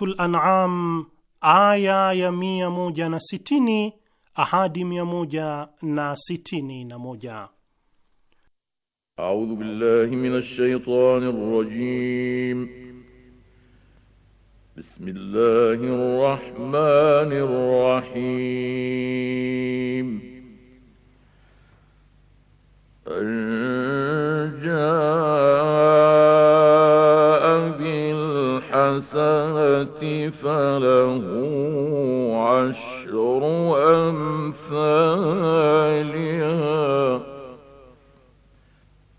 Suratul An'am aya ya mia moja na sitini ahadi mia moja na sitini na moja. A'udhu billahi minash shaitanir rajim. Bismillahir rahmanir rahim. الحسنة فله عشر أمثالها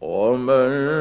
ومن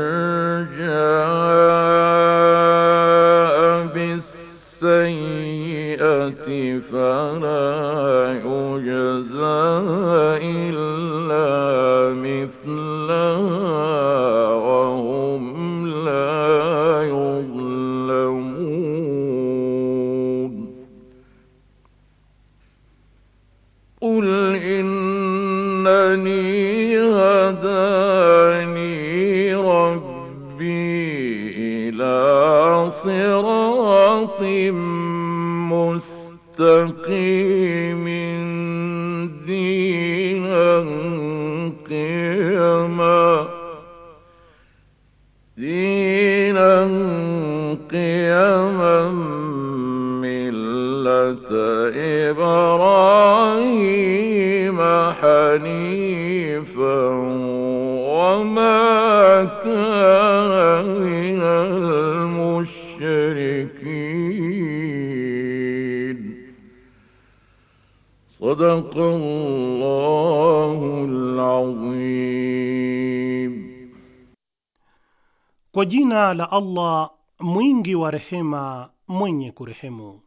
jina la Allah mwingi wa rehema, mwenye kurehemu.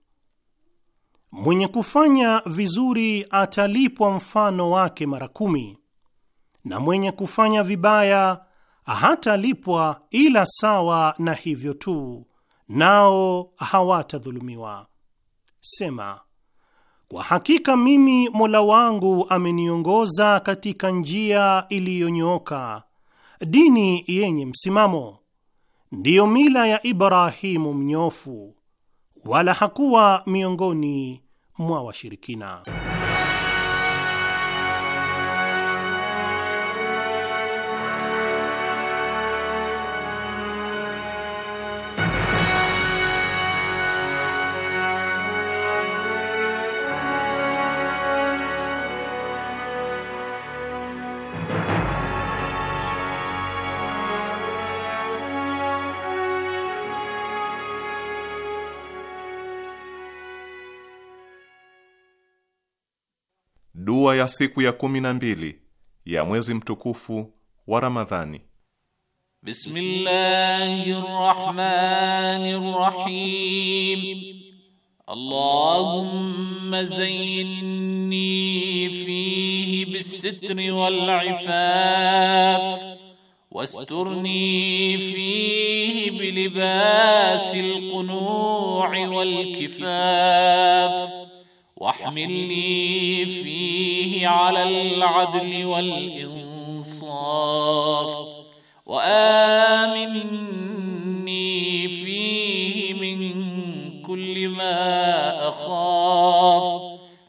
Mwenye kufanya vizuri atalipwa mfano wake mara kumi, na mwenye kufanya vibaya hatalipwa ila sawa na hivyo tu, nao hawatadhulumiwa. Sema, kwa hakika mimi Mola wangu ameniongoza katika njia iliyonyooka, dini yenye msimamo ndiyo mila ya Ibrahimu mnyofu, wala hakuwa miongoni mwa washirikina. ya siku ya kumi na mbili ya mwezi mtukufu wa Ramadhani. Bismillahir Rahmanir Rahim. Allahumma zayyinni fihi bis-sitri wal-'ifaf wasturni واسترني فيه بلباس القنوع والكفاف واحملني فيه على العدل والإنصاف وآمني فيه من كل ما أخاف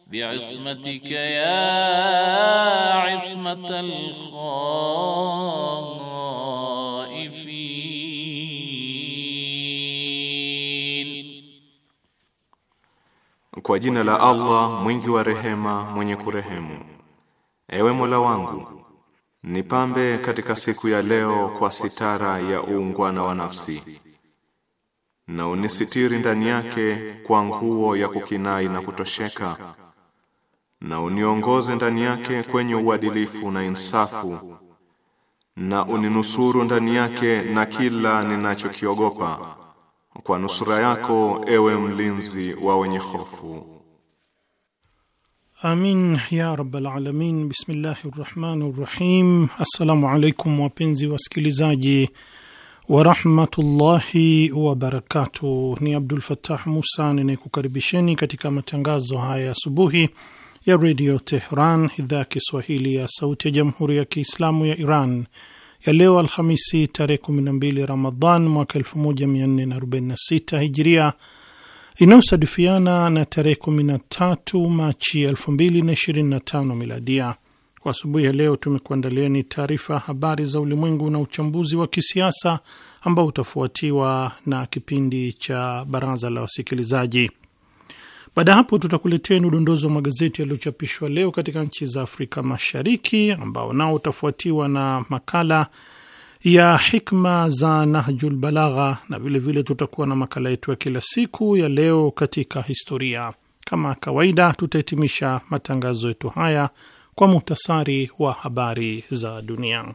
بعصمتك يا عصمة الخاف Kwa jina la Allah mwingi wa rehema, mwenye kurehemu. Ewe Mola wangu, nipambe katika siku ya leo kwa sitara ya uungwana wa nafsi, na unisitiri ndani yake kwa nguo ya kukinai na kutosheka, na uniongoze ndani yake kwenye uadilifu na insafu, na uninusuru ndani yake na kila ninachokiogopa kwa nusura yako ewe mlinzi wa wenye hofu. Amin ya rabbal alamin. Bismillahi rahmani rahim. Assalamu alaikum wapenzi wasikilizaji warahmatullahi wabarakatuh. Ni Abdul Fattah Musa ninayekukaribisheni katika matangazo haya asubuhi ya redio Tehran, idhaa ya Kiswahili ya sauti ya jamhuri ya Kiislamu ya Iran ya leo Alhamisi tarehe 12 Ramadhan mwaka 1446 Hijria inayosadifiana na tarehe 13 Machi 2025 Miladia. Kwa asubuhi ya leo tumekuandalieni taarifa ya habari za ulimwengu na uchambuzi wa kisiasa ambao utafuatiwa na kipindi cha baraza la wasikilizaji. Baada ya hapo, tutakuleteni udondozi wa magazeti yaliyochapishwa leo katika nchi za Afrika Mashariki, ambao nao utafuatiwa na makala ya hikma za Nahjul Balagha, na vilevile vile tutakuwa na makala yetu ya kila siku ya leo katika historia. Kama kawaida, tutahitimisha matangazo yetu haya kwa muhtasari wa habari za dunia.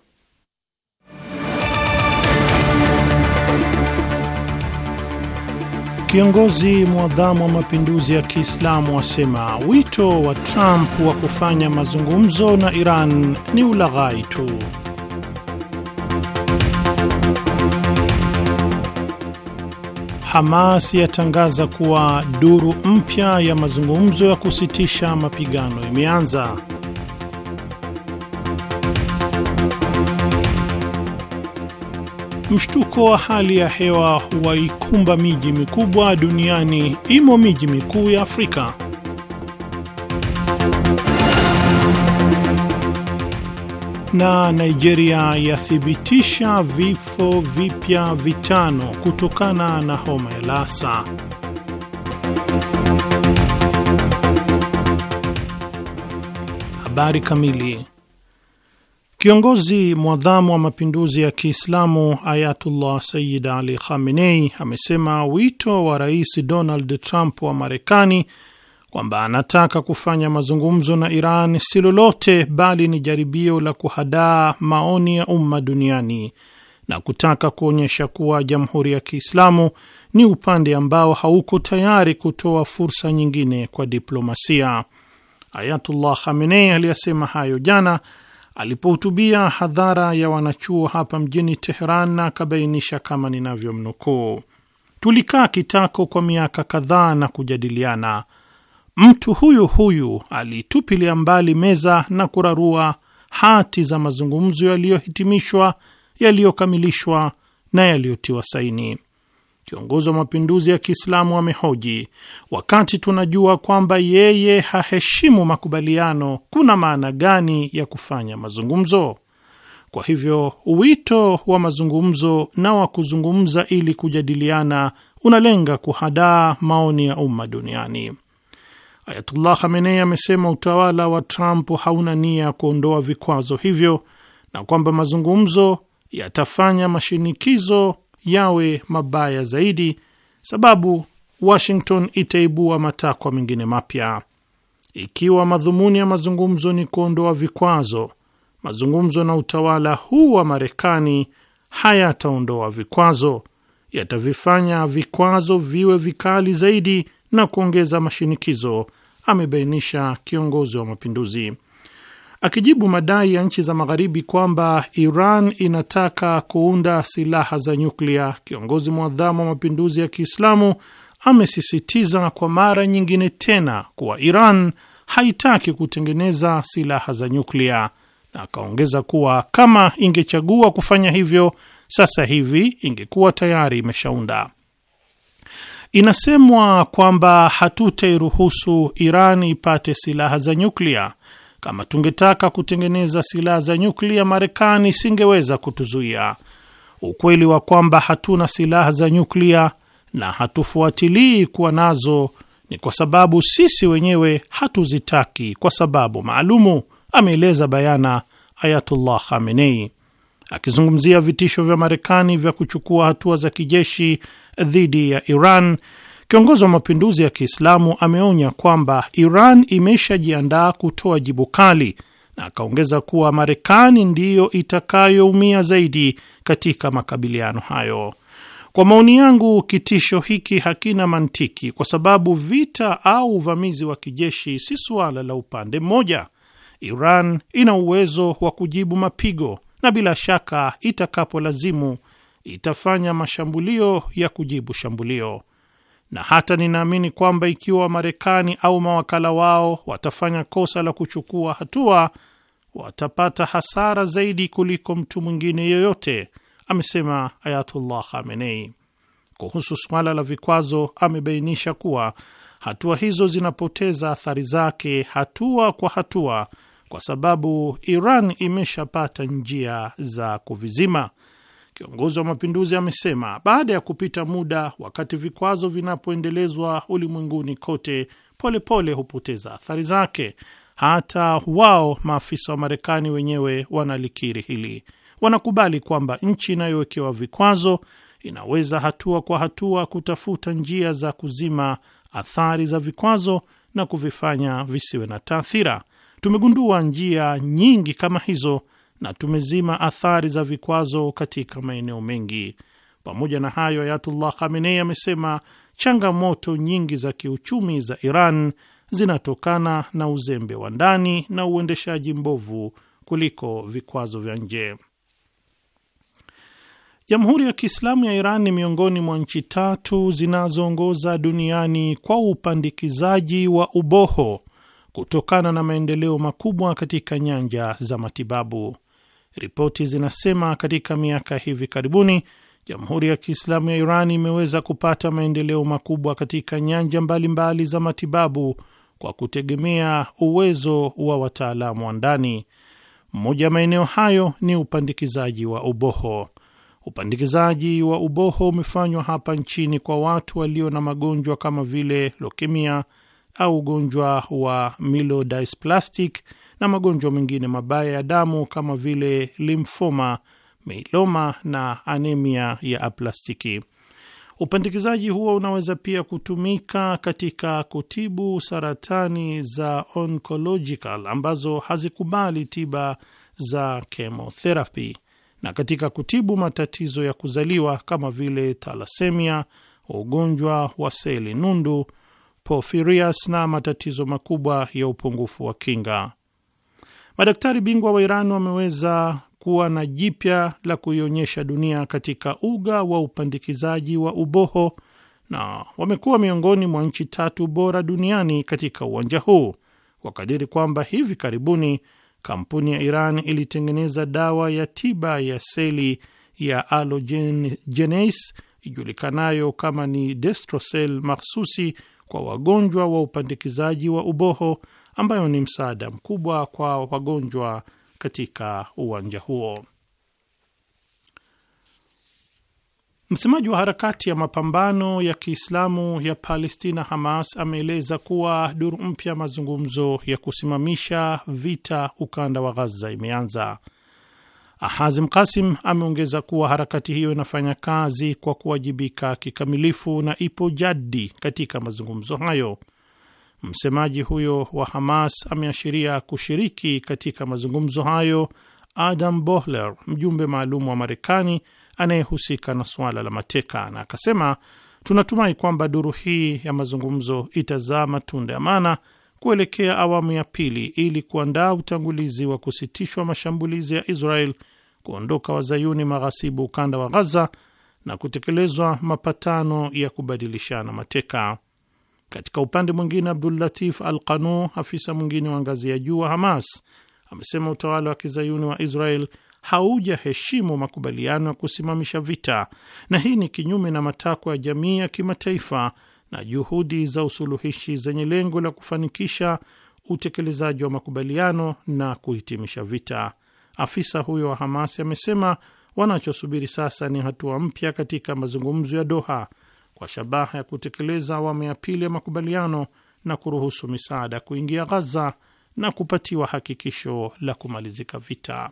Kiongozi mwadhamu wa mapinduzi ya Kiislamu asema wito wa Trump wa kufanya mazungumzo na Iran ni ulaghai tu. Hamas yatangaza kuwa duru mpya ya mazungumzo ya kusitisha mapigano imeanza. Mshtuko wa hali ya hewa waikumba miji mikubwa duniani, imo miji mikuu ya Afrika. Na Nigeria yathibitisha vifo vipya vitano kutokana na homa ya Lassa. Habari kamili Kiongozi mwadhamu wa mapinduzi ya Kiislamu Ayatullah Sayyid Ali Khamenei amesema wito wa Rais Donald Trump wa Marekani kwamba anataka kufanya mazungumzo na Iran si lolote bali ni jaribio la kuhadaa maoni ya umma duniani na kutaka kuonyesha kuwa Jamhuri ya Kiislamu ni upande ambao hauko tayari kutoa fursa nyingine kwa diplomasia. Ayatullah Khamenei aliyasema hayo jana alipohutubia hadhara ya wanachuo hapa mjini Teheran na akabainisha kama ninavyomnukuu: tulikaa kitako kwa miaka kadhaa na kujadiliana. Mtu huyu huyu alitupilia mbali meza na kurarua hati za mazungumzo yaliyohitimishwa, yaliyokamilishwa na yaliyotiwa saini kiongozi wa mapinduzi ya Kiislamu amehoji, wakati tunajua kwamba yeye haheshimu makubaliano, kuna maana gani ya kufanya mazungumzo? Kwa hivyo wito wa mazungumzo na wa kuzungumza ili kujadiliana unalenga kuhadaa maoni ya umma duniani. Ayatullah Khamenei amesema utawala wa Trump hauna nia ya kuondoa vikwazo hivyo na kwamba mazungumzo yatafanya mashinikizo yawe mabaya zaidi, sababu Washington itaibua matakwa mengine mapya. Ikiwa madhumuni ya mazungumzo ni kuondoa vikwazo, mazungumzo na utawala huu wa Marekani hayataondoa vikwazo, yatavifanya vikwazo viwe vikali zaidi na kuongeza mashinikizo, amebainisha kiongozi wa mapinduzi akijibu madai ya nchi za Magharibi kwamba Iran inataka kuunda silaha za nyuklia. Kiongozi mwadhamu wa mapinduzi ya Kiislamu amesisitiza kwa mara nyingine tena kuwa Iran haitaki kutengeneza silaha za nyuklia, na akaongeza kuwa kama ingechagua kufanya hivyo sasa hivi ingekuwa tayari imeshaunda. Inasemwa kwamba hatutairuhusu Iran ipate silaha za nyuklia kama tungetaka kutengeneza silaha za nyuklia, Marekani isingeweza kutuzuia. Ukweli wa kwamba hatuna silaha za nyuklia na hatufuatilii kuwa nazo ni kwa sababu sisi wenyewe hatuzitaki kwa sababu maalumu, ameeleza bayana Ayatullah Khamenei akizungumzia vitisho vya Marekani vya kuchukua hatua za kijeshi dhidi ya Iran Kiongozi wa mapinduzi ya Kiislamu ameonya kwamba Iran imeshajiandaa kutoa jibu kali na akaongeza kuwa Marekani ndiyo itakayoumia zaidi katika makabiliano hayo. Kwa maoni yangu, kitisho hiki hakina mantiki kwa sababu vita au uvamizi wa kijeshi si suala la upande mmoja. Iran ina uwezo wa kujibu mapigo na bila shaka, itakapolazimu itafanya mashambulio ya kujibu shambulio na hata ninaamini kwamba ikiwa Marekani au mawakala wao watafanya kosa la kuchukua hatua watapata hasara zaidi kuliko mtu mwingine yoyote, amesema Ayatullah Khamenei. Kuhusu suala la vikwazo, amebainisha kuwa hatua hizo zinapoteza athari zake hatua kwa hatua, kwa sababu Iran imeshapata njia za kuvizima kiongozi wa mapinduzi amesema baada ya kupita muda, wakati vikwazo vinapoendelezwa ulimwenguni kote, polepole pole hupoteza athari zake. Hata wao maafisa wa Marekani wenyewe wanalikiri hili, wanakubali kwamba nchi inayowekewa vikwazo inaweza hatua kwa hatua kutafuta njia za kuzima athari za vikwazo na kuvifanya visiwe na taathira. Tumegundua njia nyingi kama hizo na tumezima athari za vikwazo katika maeneo mengi. Pamoja na hayo, Ayatullah Khamenei amesema changamoto nyingi za kiuchumi za Iran zinatokana na uzembe wa ndani na uendeshaji mbovu kuliko vikwazo vya nje. Jamhuri ya Kiislamu ya Iran ni miongoni mwa nchi tatu zinazoongoza duniani kwa upandikizaji wa uboho kutokana na maendeleo makubwa katika nyanja za matibabu. Ripoti zinasema katika miaka hivi karibuni Jamhuri ya Kiislamu ya Iran imeweza kupata maendeleo makubwa katika nyanja mbalimbali mbali za matibabu kwa kutegemea uwezo wa wataalamu wa ndani. Mmoja ya maeneo hayo ni upandikizaji wa uboho. Upandikizaji wa uboho umefanywa hapa nchini kwa watu walio na magonjwa kama vile lokemia au ugonjwa wa myelodysplastic na magonjwa mengine mabaya ya damu kama vile limfoma, meiloma na anemia ya aplastiki. Upandikizaji huo unaweza pia kutumika katika kutibu saratani za oncological ambazo hazikubali tiba za chemotherapy na katika kutibu matatizo ya kuzaliwa kama vile talasemia, ugonjwa wa seli nundu, porfirias na matatizo makubwa ya upungufu wa kinga. Madaktari bingwa wa Iran wameweza kuwa na jipya la kuionyesha dunia katika uga wa upandikizaji wa uboho na wamekuwa miongoni mwa nchi tatu bora duniani katika uwanja huu, wakadiri kwamba hivi karibuni kampuni ya Iran ilitengeneza dawa ya tiba ya seli ya alogenes ijulikanayo kama ni destrosel mahsusi kwa wagonjwa wa upandikizaji wa uboho ambayo ni msaada mkubwa kwa wagonjwa katika uwanja huo. Msemaji wa harakati ya mapambano ya Kiislamu ya Palestina Hamas ameeleza kuwa duru mpya mazungumzo ya kusimamisha vita ukanda wa Ghaza imeanza. Hazim Kasim ameongeza kuwa harakati hiyo inafanya kazi kwa kuwajibika kikamilifu na ipo jadi katika mazungumzo hayo. Msemaji huyo wa Hamas ameashiria kushiriki katika mazungumzo hayo Adam Bohler, mjumbe maalum wa Marekani anayehusika na suala la mateka, na akasema tunatumai kwamba duru hii ya mazungumzo itazaa matunda ya maana kuelekea awamu ya pili ili kuandaa utangulizi wa kusitishwa mashambulizi ya Israel, kuondoka wazayuni maghasibu ukanda wa Ghaza na kutekelezwa mapatano ya kubadilishana mateka. Katika upande mwingine, Latif Al Qanu, afisa mwingine wa ngazi ya juu wa Hamas, amesema utawala wa kizayuni wa Israel haujaheshimu makubaliano ya kusimamisha vita, na hii ni kinyume na matakwa ya jamii ya kimataifa na juhudi za usuluhishi zenye lengo la kufanikisha utekelezaji wa makubaliano na kuhitimisha vita. Afisa huyo wa Hamas amesema wanachosubiri sasa ni hatua mpya katika mazungumzo ya Doha kwa shabaha ya kutekeleza awamu ya pili ya makubaliano na kuruhusu misaada kuingia Ghaza na kupatiwa hakikisho la kumalizika vita.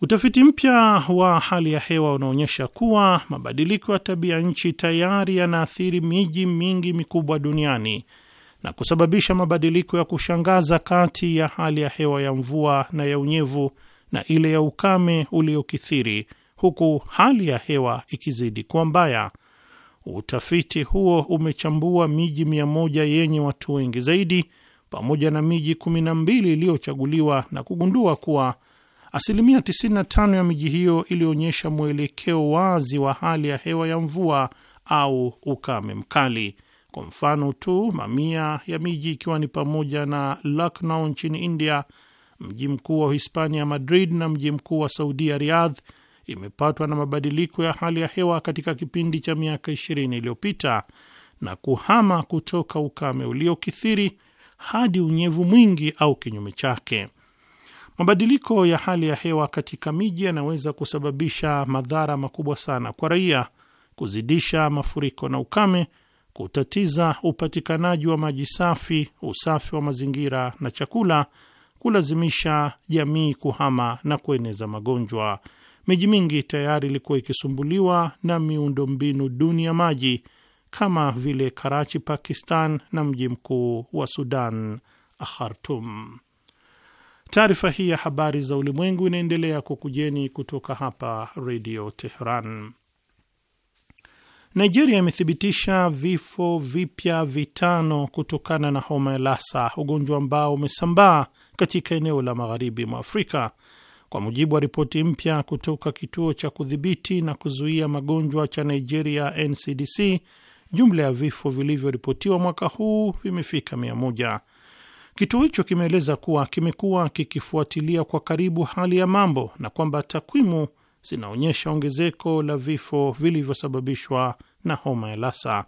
Utafiti mpya wa hali ya hewa unaonyesha kuwa mabadiliko ya tabia nchi tayari yanaathiri miji mingi mikubwa duniani na kusababisha mabadiliko ya kushangaza kati ya hali ya hewa ya mvua na ya unyevu na ile ya ukame uliokithiri, huku hali ya hewa ikizidi kuwa mbaya. Utafiti huo umechambua miji mia moja yenye watu wengi zaidi pamoja na miji 12 iliyochaguliwa na kugundua kuwa asilimia 95 ya miji hiyo ilionyesha mwelekeo wazi wa hali ya hewa ya mvua au ukame mkali. Kwa mfano tu, mamia ya miji ikiwa ni pamoja na Lucknow nchini India, mji mkuu wa Hispania Madrid na mji mkuu wa Saudia Riyadh imepatwa na mabadiliko ya hali ya hewa katika kipindi cha miaka 20 iliyopita na kuhama kutoka ukame uliokithiri hadi unyevu mwingi au kinyume chake. Mabadiliko ya hali ya hewa katika miji yanaweza kusababisha madhara makubwa sana kwa raia, kuzidisha mafuriko na ukame, kutatiza upatikanaji wa maji safi, usafi wa mazingira na chakula, kulazimisha jamii kuhama na kueneza magonjwa miji mingi tayari ilikuwa ikisumbuliwa na miundombinu duni ya maji kama vile Karachi, Pakistan, na mji mkuu wa Sudan, Khartum. Taarifa hii ya habari za ulimwengu inaendelea kukujeni kutoka hapa Redio Teheran. Nigeria imethibitisha vifo vipya vitano kutokana na homa ya Lassa, ugonjwa ambao umesambaa katika eneo la magharibi mwa Afrika kwa mujibu wa ripoti mpya kutoka kituo cha kudhibiti na kuzuia magonjwa cha Nigeria, NCDC, jumla ya vifo vilivyoripotiwa mwaka huu vimefika mia moja. Kituo hicho kimeeleza kuwa kimekuwa kikifuatilia kwa karibu hali ya mambo na kwamba takwimu zinaonyesha ongezeko la vifo vilivyosababishwa na homa ya Lassa.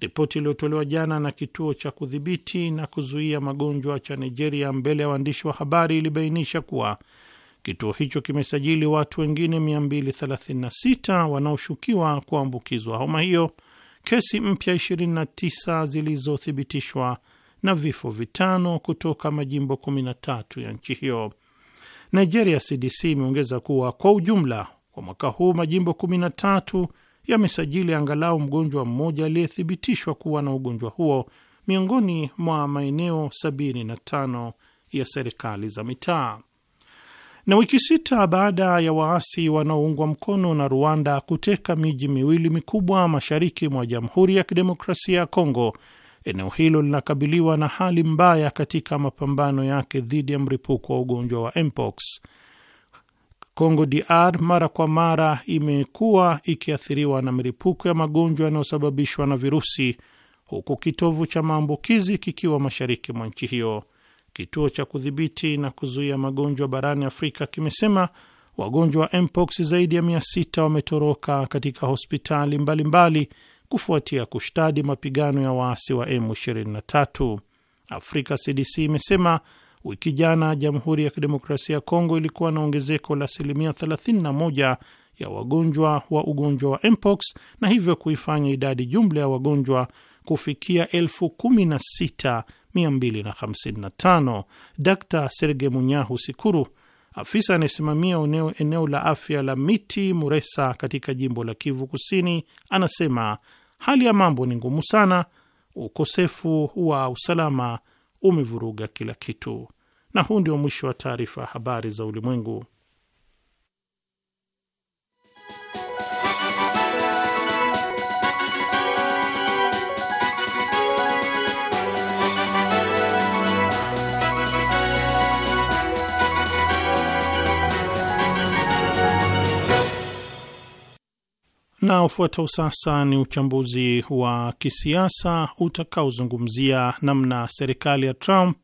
Ripoti iliyotolewa jana na kituo cha kudhibiti na kuzuia magonjwa cha Nigeria mbele ya waandishi wa habari ilibainisha kuwa Kituo hicho kimesajili watu wengine 236 wanaoshukiwa kuambukizwa homa hiyo, kesi mpya 29 zilizothibitishwa na vifo vitano kutoka majimbo 13 ya nchi hiyo. Nigeria CDC imeongeza kuwa kwa ujumla kwa mwaka huu majimbo 13 yamesajili angalau mgonjwa mmoja aliyethibitishwa kuwa na ugonjwa huo miongoni mwa maeneo 75 ya serikali za mitaa. Na wiki sita baada ya waasi wanaoungwa mkono na Rwanda kuteka miji miwili mikubwa mashariki mwa Jamhuri ya Kidemokrasia ya Kongo, eneo hilo linakabiliwa na hali mbaya katika mapambano yake dhidi ya mripuko wa ugonjwa wa mpox. Kongo DR mara kwa mara imekuwa ikiathiriwa na milipuko ya magonjwa yanayosababishwa na virusi, huku kitovu cha maambukizi kikiwa mashariki mwa nchi hiyo. Kituo cha kudhibiti na kuzuia magonjwa barani Afrika kimesema wagonjwa wa mpox zaidi ya sita wametoroka katika hospitali mbalimbali mbali, kufuatia kushtadi mapigano ya waasi wa M23. Afrika CDC imesema wiki jana Jamhuri ya Kidemokrasia ya Kongo ilikuwa na ongezeko la asilimia 31 ya wagonjwa wa ugonjwa wa mpox na hivyo kuifanya idadi jumla ya wagonjwa kufikia elfu kumi na sita 255. Dkt Serge Munyahu Sikuru, afisa anayesimamia eneo, eneo la afya la Miti Muresa katika jimbo la Kivu Kusini, anasema hali ya mambo ni ngumu sana, ukosefu wa usalama umevuruga kila kitu. Na huu ndio mwisho wa taarifa ya habari za ulimwengu. Na ufuatao sasa ni uchambuzi wa kisiasa utakaozungumzia namna serikali ya Trump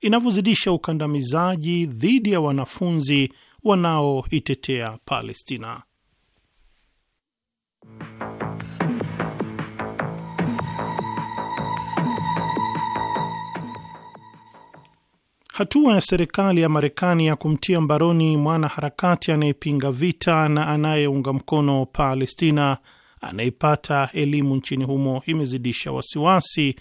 inavyozidisha ukandamizaji dhidi ya wanafunzi wanaoitetea Palestina. Hatua ya serikali ya Marekani ya kumtia mbaroni mwanaharakati anayepinga vita na anayeunga mkono Palestina anayepata elimu nchini humo imezidisha wasiwasi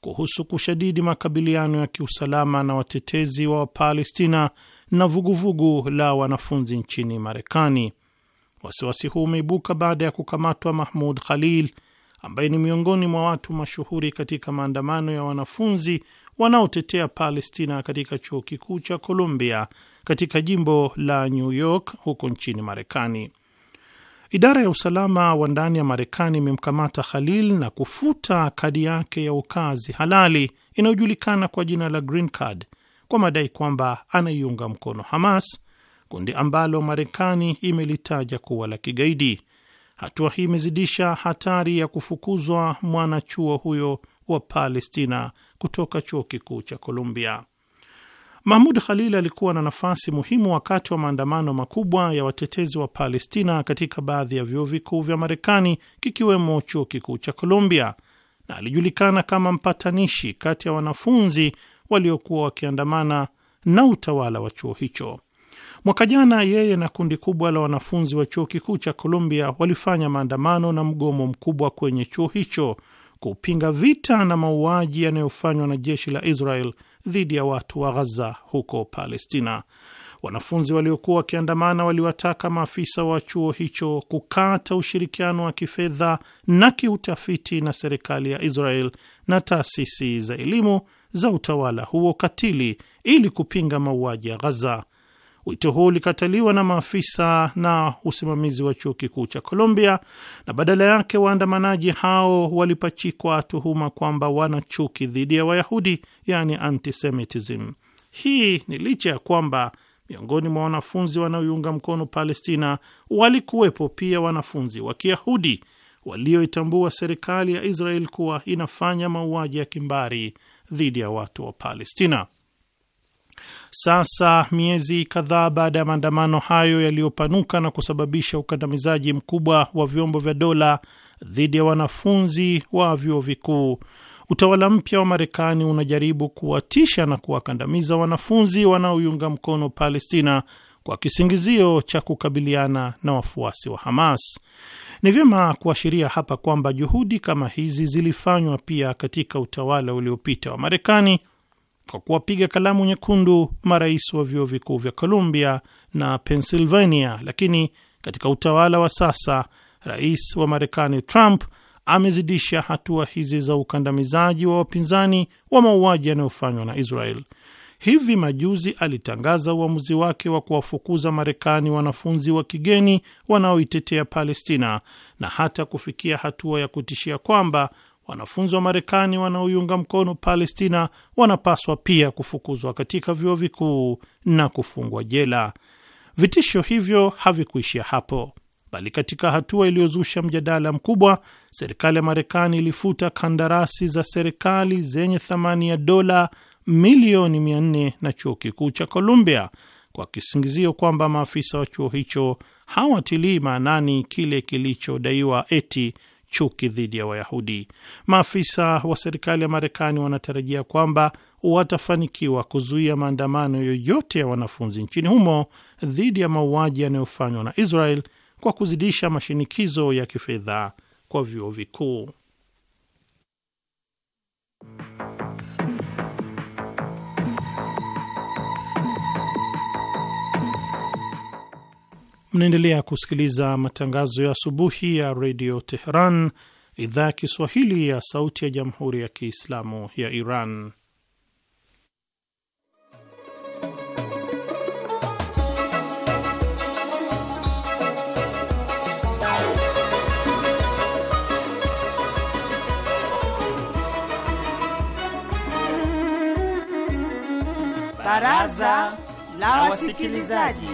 kuhusu kushadidi makabiliano ya kiusalama na watetezi wa Wapalestina na vuguvugu vugu la wanafunzi nchini Marekani. Wasiwasi huu umeibuka baada ya kukamatwa Mahmud Khalil ambaye ni miongoni mwa watu mashuhuri katika maandamano ya wanafunzi wanaotetea Palestina katika chuo kikuu cha Columbia katika jimbo la New York huko nchini Marekani. Idara ya usalama wa ndani ya Marekani imemkamata Khalil na kufuta kadi yake ya ukazi halali inayojulikana kwa jina la Green Card kwa madai kwamba anaiunga mkono Hamas, kundi ambalo Marekani imelitaja kuwa la kigaidi. Hatua hii imezidisha hatari ya kufukuzwa mwanachuo huyo wa Palestina kutoka chuo kikuu cha Columbia. Mahmud Khalil alikuwa na nafasi muhimu wakati wa maandamano makubwa ya watetezi wa Palestina katika baadhi ya vyuo vikuu vya Marekani, kikiwemo chuo kikuu cha Columbia, na alijulikana kama mpatanishi kati ya wanafunzi waliokuwa wakiandamana na utawala wa chuo hicho. Mwaka jana yeye na kundi kubwa la wanafunzi wa chuo kikuu cha Columbia walifanya maandamano na mgomo mkubwa kwenye chuo hicho kupinga vita na mauaji yanayofanywa na jeshi la Israel dhidi ya watu wa Ghaza huko Palestina. Wanafunzi waliokuwa wakiandamana waliwataka maafisa wa chuo hicho kukata ushirikiano wa kifedha na kiutafiti na serikali ya Israel na taasisi za elimu za utawala huo katili ili kupinga mauaji ya Ghaza. Wito huu ulikataliwa na maafisa na usimamizi wa chuo kikuu cha Colombia, na badala yake waandamanaji hao walipachikwa tuhuma kwamba wana chuki dhidi ya Wayahudi, yani antisemitism. Hii ni licha ya kwamba miongoni mwa wanafunzi wanaoiunga mkono Palestina walikuwepo pia wanafunzi wa Kiyahudi walioitambua serikali ya Israel kuwa inafanya mauaji ya kimbari dhidi ya watu wa Palestina. Sasa miezi kadhaa baada ya maandamano hayo yaliyopanuka na kusababisha ukandamizaji mkubwa wa vyombo vya dola dhidi ya wanafunzi wa vyuo vikuu, utawala mpya wa Marekani unajaribu kuwatisha na kuwakandamiza wanafunzi wanaoiunga mkono Palestina kwa kisingizio cha kukabiliana na wafuasi wa Hamas. Ni vyema kuashiria hapa kwamba juhudi kama hizi zilifanywa pia katika utawala uliopita wa Marekani kwa kuwapiga kalamu nyekundu marais wa vyuo vikuu vya Columbia na Pennsylvania, lakini katika utawala wa sasa rais wa Marekani Trump amezidisha hatua hizi za ukandamizaji wa wapinzani wa mauaji yanayofanywa na Israel. Hivi majuzi alitangaza uamuzi wake wa kuwafukuza Marekani wanafunzi wa kigeni wanaoitetea Palestina na hata kufikia hatua ya kutishia kwamba wanafunzi wa Marekani wanaoiunga mkono Palestina wanapaswa pia kufukuzwa katika vyuo vikuu na kufungwa jela. Vitisho hivyo havikuishia hapo, bali katika hatua iliyozusha mjadala mkubwa, serikali ya Marekani ilifuta kandarasi za serikali zenye thamani ya dola milioni 400 na chuo kikuu cha Columbia kwa kisingizio kwamba maafisa wa chuo hicho hawatilii maanani kile kilichodaiwa eti chuki dhidi ya Wayahudi. Maafisa wa serikali ya Marekani wanatarajia kwamba watafanikiwa kuzuia maandamano yoyote ya wanafunzi nchini humo dhidi ya mauaji yanayofanywa na Israel kwa kuzidisha mashinikizo ya kifedha kwa vyuo vikuu. Mnaendelea kusikiliza matangazo ya asubuhi ya redio Teheran, idhaa ya Kiswahili ya sauti ya jamhuri ya Kiislamu ya Iran. Baraza la Wasikilizaji.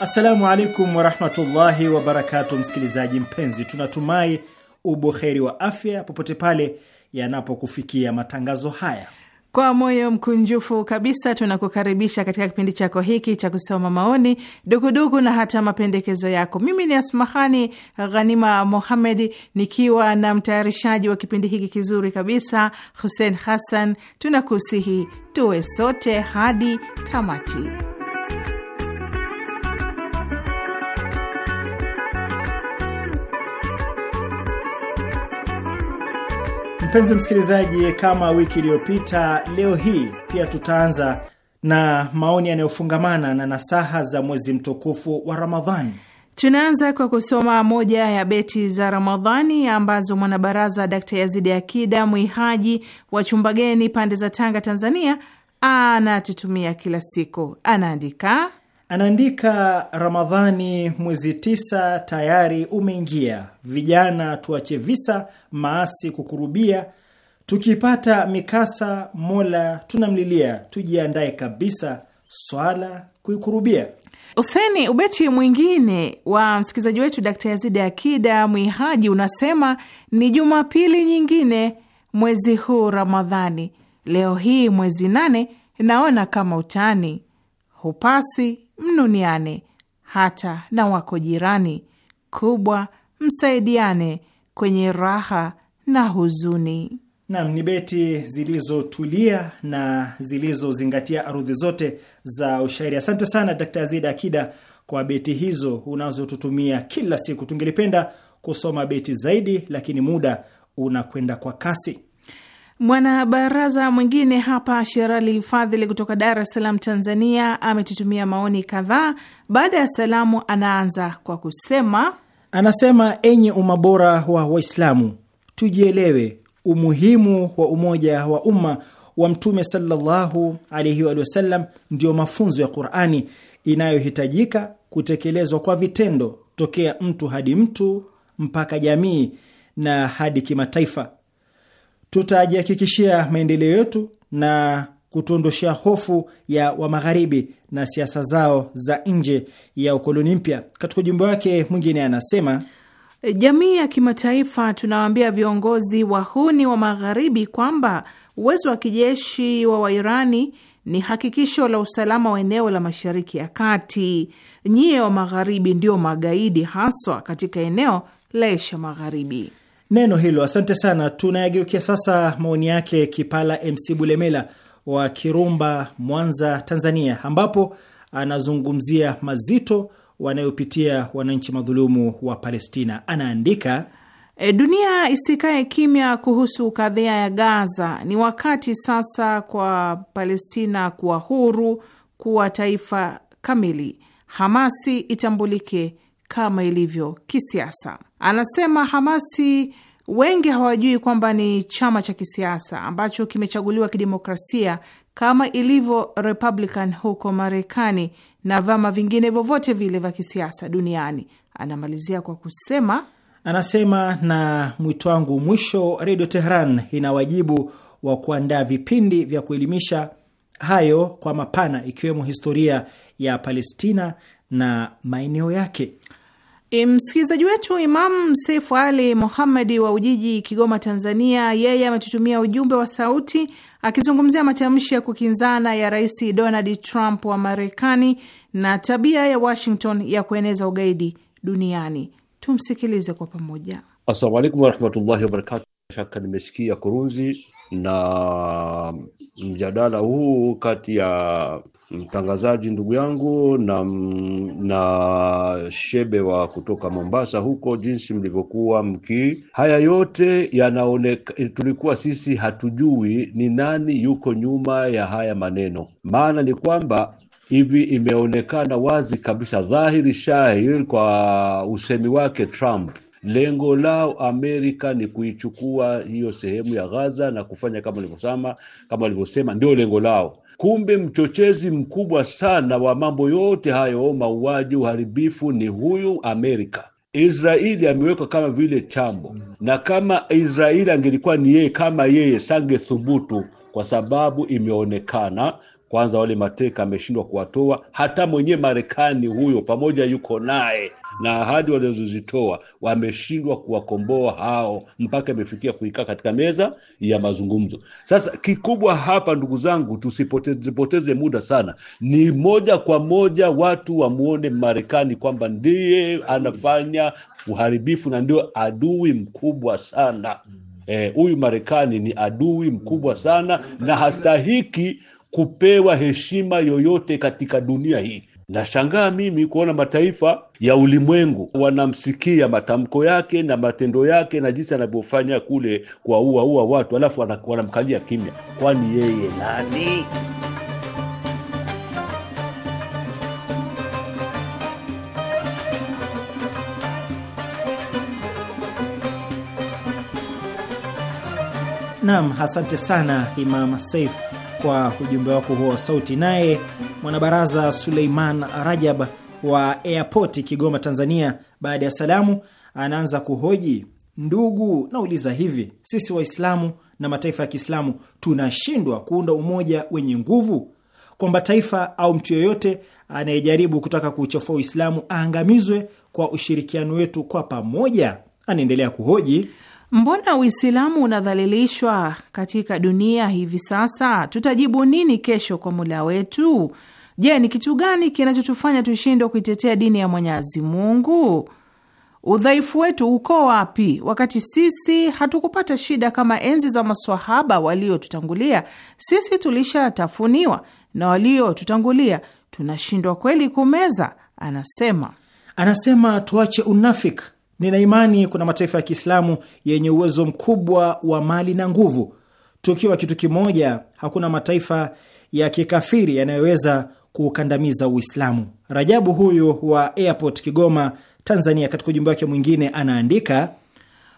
Assalamu alaikum warahmatullahi wabarakatu, msikilizaji mpenzi, tunatumai ubuheri wa afya popote pale yanapokufikia matangazo haya. Kwa moyo mkunjufu kabisa tunakukaribisha katika kipindi chako hiki cha kusoma maoni, dukuduku na hata mapendekezo yako. Mimi ni Asmahani Ghanima Mohamed nikiwa na mtayarishaji wa kipindi hiki kizuri kabisa Hussein Hassan. Tunakusihi tuwe sote hadi tamati. Mpenzi msikilizaji, kama wiki iliyopita, leo hii pia tutaanza na maoni yanayofungamana na nasaha za mwezi mtukufu wa Ramadhani. Tunaanza kwa kusoma moja ya beti za Ramadhani ambazo mwanabaraza Dkt Yazidi Akida Mwihaji wa Chumbageni, pande za Tanga, Tanzania, anatutumia kila siku. Anaandika: Anaandika, Ramadhani mwezi tisa tayari umeingia, vijana tuache visa maasi kukurubia, tukipata mikasa Mola tunamlilia, tujiandae kabisa swala kuikurubia. Useni, ubeti mwingine wa msikilizaji wetu Dakta Yazidi Akida Mwihaji unasema ni Jumapili nyingine mwezi huu Ramadhani, leo hii mwezi nane, naona kama utani hupaswi mnuniane hata na wako jirani, kubwa msaidiane kwenye raha na huzuni. Nam ni beti zilizotulia na zilizozingatia arudhi zote za ushairi. Asante sana d azid Akida kwa beti hizo unazotutumia kila siku. Tungelipenda kusoma beti zaidi, lakini muda unakwenda kwa kasi. Mwanabaraza mwingine hapa Sherali Fadhili kutoka Dar es Salaam, Tanzania, ametutumia maoni kadhaa. Baada ya salamu, anaanza kwa kusema, anasema enye umma bora wa Waislamu, tujielewe umuhimu wa umoja wa umma wa Mtume sallallahu alaihi wa sallam, ndiyo mafunzo ya Qurani inayohitajika kutekelezwa kwa vitendo, tokea mtu hadi mtu mpaka jamii na hadi kimataifa tutajihakikishia maendeleo yetu na kutuondoshea hofu ya wa magharibi na siasa zao za nje ya ukoloni mpya. Katika ujumbe wake mwingine anasema, jamii ya kimataifa, tunawaambia viongozi wahuni wa magharibi kwamba uwezo wa kijeshi wa Wairani ni hakikisho la usalama wa eneo la Mashariki ya Kati. Nyie wa magharibi ndio magaidi haswa katika eneo la Asia Magharibi neno hilo. Asante sana. Tunayageukia sasa maoni yake Kipala MC Bulemela wa Kirumba, Mwanza, Tanzania, ambapo anazungumzia mazito wanayopitia wananchi madhulumu wa Palestina. Anaandika e, dunia isikae kimya kuhusu kadhia ya Gaza. Ni wakati sasa kwa Palestina kuwa huru, kuwa taifa kamili. Hamasi itambulike kama ilivyo kisiasa. Anasema Hamasi wengi hawajui kwamba ni chama cha kisiasa ambacho kimechaguliwa kidemokrasia kama ilivyo Republican huko Marekani na vyama vingine vyovyote vile vya kisiasa duniani. Anamalizia kwa kusema anasema, na mwito wangu mwisho, Redio Tehran ina wajibu wa kuandaa vipindi vya kuelimisha hayo kwa mapana, ikiwemo historia ya Palestina na maeneo yake. E, msikilizaji wetu Imam Sefu Ali Mohamedi wa Ujiji, Kigoma, Tanzania, yeye ametutumia ujumbe wa sauti akizungumzia matamshi ya kukinzana ya Rais Donald Trump wa Marekani na tabia ya Washington ya kueneza ugaidi duniani. Tumsikilize kwa pamoja. Assalamu alaikum warahmatullahi wabarakatu. Shaka nimesikia kurunzi na mjadala huu kati ya mtangazaji ndugu yangu na, na Shebe wa kutoka Mombasa huko, jinsi mlivyokuwa mki. Haya yote yanaonekana, tulikuwa sisi hatujui ni nani yuko nyuma ya haya maneno. Maana ni kwamba hivi imeonekana wazi kabisa, dhahiri shahiri kwa usemi wake Trump lengo lao Amerika ni kuichukua hiyo sehemu ya Gaza na kufanya kama walivyosema, kama walivyosema ndio lengo lao. Kumbe mchochezi mkubwa sana wa mambo yote hayo, mauaji, uharibifu, ni huyu Amerika. Israeli amewekwa kama vile chambo, na kama Israeli angelikuwa ni yeye kama yeye sangethubutu, kwa sababu imeonekana kwanza wale mateka ameshindwa kuwatoa, hata mwenyewe Marekani huyo pamoja yuko naye, na ahadi walizozitoa wameshindwa kuwakomboa hao, mpaka imefikia kuikaa katika meza ya mazungumzo. Sasa kikubwa hapa, ndugu zangu, tusipoteze muda sana, ni moja kwa moja watu wamwone Marekani kwamba ndiye anafanya uharibifu na ndio adui mkubwa sana. Mm. Eh, huyu eh, Marekani ni adui mkubwa sana na hastahiki kupewa heshima yoyote katika dunia hii. Nashangaa mimi kuona mataifa ya ulimwengu wanamsikia matamko yake na matendo yake na jinsi anavyofanya kule kuwauaua watu, alafu wanamkalia kimya. Kwani yeye nani? Naam, asante sana Imam Saif kwa ujumbe wako huo wa sauti. Naye mwanabaraza Suleiman Rajab wa airport Kigoma, Tanzania, baada ya salamu, anaanza kuhoji ndugu, nauliza hivi, sisi Waislamu na mataifa ya Kiislamu tunashindwa kuunda umoja wenye nguvu, kwamba taifa au mtu yeyote anayejaribu kutaka kuuchafua Uislamu aangamizwe kwa ushirikiano wetu kwa pamoja? Anaendelea kuhoji Mbona Uislamu unadhalilishwa katika dunia hivi sasa? Tutajibu nini kesho kwa mula wetu? Je, ni kitu gani kinachotufanya tushindwe kuitetea dini ya Mwenyezi Mungu? Udhaifu wetu uko wapi, wakati sisi hatukupata shida kama enzi za maswahaba waliotutangulia? Sisi tulishatafuniwa na waliotutangulia, tunashindwa kweli kumeza? Anasema, anasema tuache unafiki Nina imani kuna mataifa ya Kiislamu yenye uwezo mkubwa wa mali na nguvu. Tukiwa kitu kimoja, hakuna mataifa ya kikafiri yanayoweza kuukandamiza Uislamu. Rajabu huyu wa Airport Kigoma, Tanzania, katika ujumbe wake mwingine anaandika,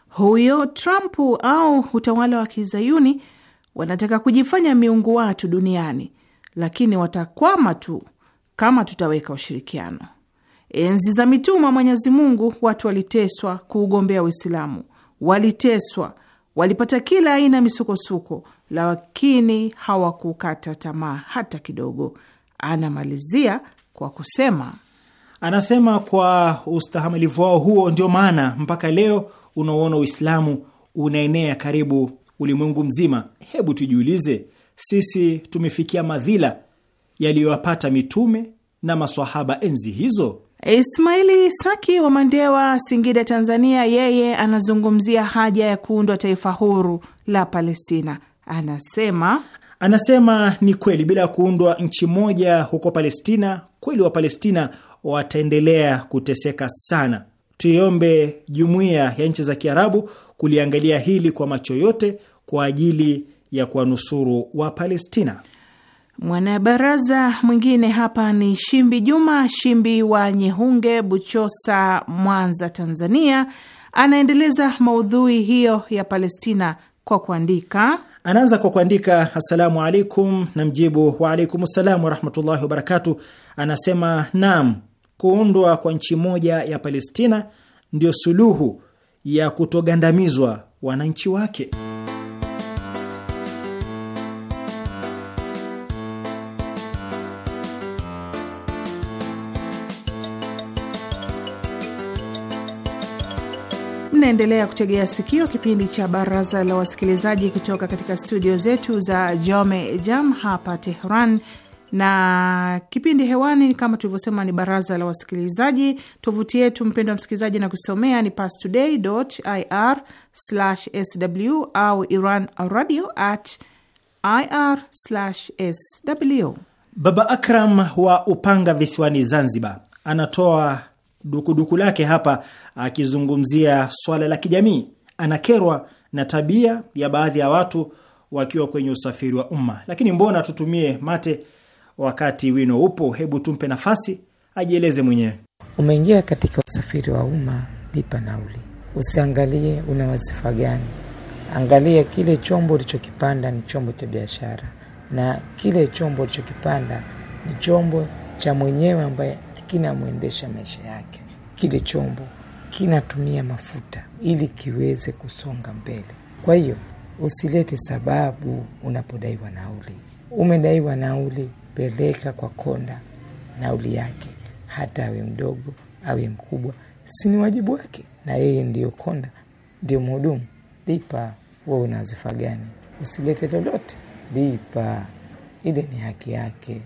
huyo Trump au utawala wa kizayuni wanataka kujifanya miungu watu duniani, lakini watakwama tu kama tutaweka ushirikiano. Enzi za mituma Mwenyezi Mungu, watu waliteswa kuugombea Uislamu, waliteswa, walipata kila aina ya misukosuko, lakini hawakukata tamaa hata kidogo. Anamalizia kwa kusema, anasema kwa ustahamilivu wao huo, ndio maana mpaka leo unaoona Uislamu unaenea karibu ulimwengu mzima. Hebu tujiulize sisi, tumefikia madhila yaliyowapata mitume na maswahaba enzi hizo? Ismaili Saki wa Mandewa, Singida, Tanzania, yeye anazungumzia haja ya kuundwa taifa huru la Palestina. Anasema anasema ni kweli, bila ya kuundwa nchi moja huko Palestina, kweli wa Palestina wataendelea kuteseka sana. Tuiombe jumuiya ya nchi za Kiarabu kuliangalia hili kwa macho yote kwa ajili ya kuwanusuru wa Palestina. Mwanabaraza mwingine hapa ni Shimbi Juma Shimbi wa Nyehunge, Buchosa, Mwanza, Tanzania. Anaendeleza maudhui hiyo ya Palestina kwa kuandika, anaanza kwa kuandika assalamu alaikum, na mjibu waalaikum salam warahmatullahi wabarakatu. Anasema naam, kuundwa kwa nchi moja ya Palestina ndio suluhu ya kutogandamizwa wananchi wake. Mnaendelea kutegea sikio kipindi cha Baraza la Wasikilizaji kutoka katika studio zetu za Jome Jam hapa Tehran na kipindi hewani kama tulivyosema ni baraza la wasikilizaji. Tovuti yetu mpendo wa msikilizaji na kusomea ni pastoday.ir/sw au Iran radio at ir/sw. Baba Akram wa Upanga visiwani Zanzibar anatoa dukuduku lake hapa akizungumzia swala la kijamii. Anakerwa na tabia ya baadhi ya watu wakiwa kwenye usafiri wa umma. Lakini mbona tutumie mate wakati wino upo? Hebu tumpe nafasi ajieleze mwenyewe. Umeingia katika usafiri wa umma, lipa nauli, usiangalie una wazifa gani. Angalia kile chombo ulichokipanda ni chombo cha biashara, na kile chombo ulichokipanda ni chombo cha mwenyewe ambaye kinamwendesha maisha yake. Kile chombo kinatumia mafuta ili kiweze kusonga mbele. Kwa hiyo usilete sababu unapodaiwa nauli. Umedaiwa nauli, peleka kwa konda nauli yake, hata awe mdogo awe mkubwa, si ni wajibu wake, na yeye ndiyo konda, ndio mhudumu. Lipa. Wewe una wazifa gani? Usilete lolote, lipa. Ile ni haki yake.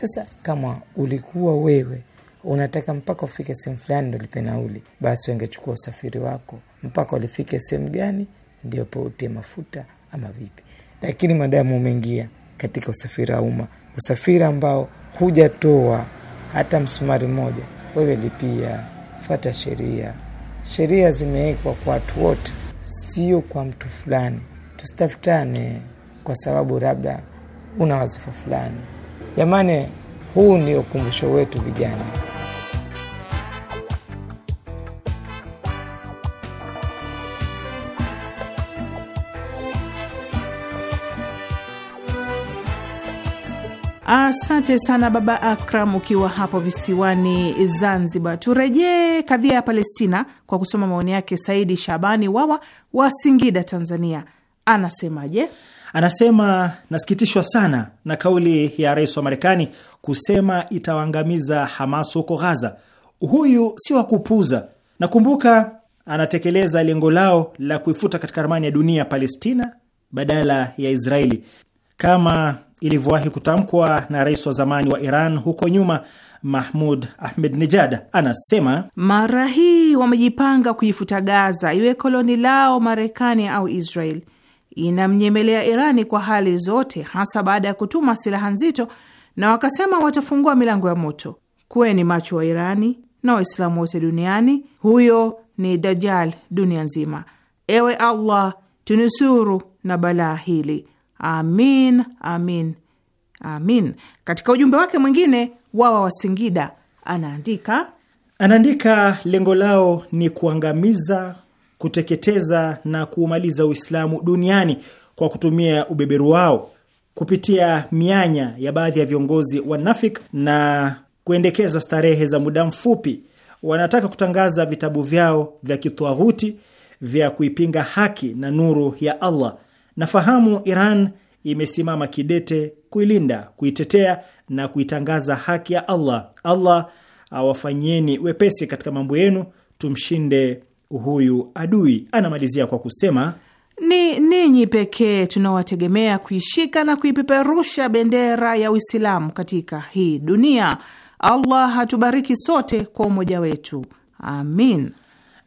Sasa kama ulikuwa wewe unataka mpaka ufike sehemu fulani ndo lipe nauli, basi wangechukua usafiri wako mpaka walifike sehemu gani, ndiopo utie mafuta ama vipi. Lakini madamu umeingia katika usafiri wa umma, usafiri ambao hujatoa hata msumari mmoja, wewe lipia, fata sheria. Sheria zimewekwa kwa watu wote, sio kwa mtu fulani. Tusitafutane kwa sababu labda una wazifa fulani. Jamani, huu ndio ukumbusho wetu vijana. Asante sana Baba Akram, ukiwa hapo visiwani Zanzibar. Turejee kadhia ya Palestina kwa kusoma maoni yake Saidi Shabani Wawa wa Singida, Tanzania. Anasemaje? Anasema, nasikitishwa sana na kauli ya rais wa Marekani kusema itawaangamiza Hamas huko Ghaza. Huyu si wa kupuza. Nakumbuka anatekeleza lengo lao la kuifuta katika ramani ya dunia Palestina badala ya Israeli kama ilivyowahi kutamkwa na rais wa zamani wa Iran huko nyuma Mahmud ahmed nijad Anasema mara hii wamejipanga kuifuta Gaza, iwe koloni lao Marekani au Israel. Inamnyemelea Irani kwa hali zote, hasa baada ya kutuma silaha nzito, na wakasema watafungua milango ya moto. Kuweni macho wa Irani na Waislamu wote duniani, huyo ni Dajjal dunia nzima. Ewe Allah, tunusuru na balaa hili. Amin, amin, amin. Katika ujumbe wake mwingine, wawa wa Singida anaandika anaandika, lengo lao ni kuangamiza, kuteketeza na kuumaliza Uislamu duniani kwa kutumia ubeberu wao kupitia mianya ya baadhi ya viongozi wa nafik na kuendekeza starehe za muda mfupi. Wanataka kutangaza vitabu vyao vya kitwahuti vya kuipinga haki na nuru ya Allah Nafahamu Iran imesimama kidete kuilinda, kuitetea na kuitangaza haki ya Allah. Allah awafanyieni wepesi katika mambo yenu, tumshinde huyu adui. Anamalizia kwa kusema ni ninyi pekee tunawategemea kuishika na kuipeperusha bendera ya Uislamu katika hii dunia. Allah hatubariki sote kwa umoja wetu, amin.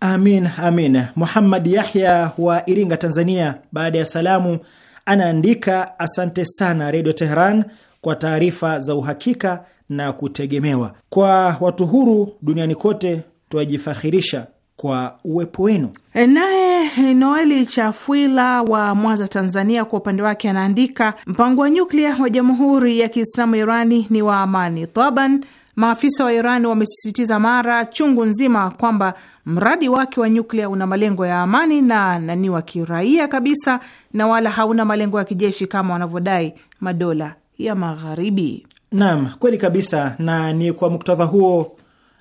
Amin, amin. Muhammad Yahya wa Iringa, Tanzania, baada ya salamu, anaandika asante sana Redio Teheran kwa taarifa za uhakika na kutegemewa. Kwa watu huru duniani kote, twajifakhirisha kwa uwepo wenu. E, naye Noeli Chafwila wa Mwanza, Tanzania, kwa upande wake anaandika mpango wa nyuklia wa Jamhuri ya Kiislamu Irani ni wa amani taban Maafisa wa Iran wamesisitiza mara chungu nzima kwamba mradi wake wa nyuklia una malengo ya amani na nani wa kiraia kabisa na wala hauna malengo ya kijeshi kama wanavyodai madola ya Magharibi. Naam, kweli kabisa, na ni kwa muktadha huo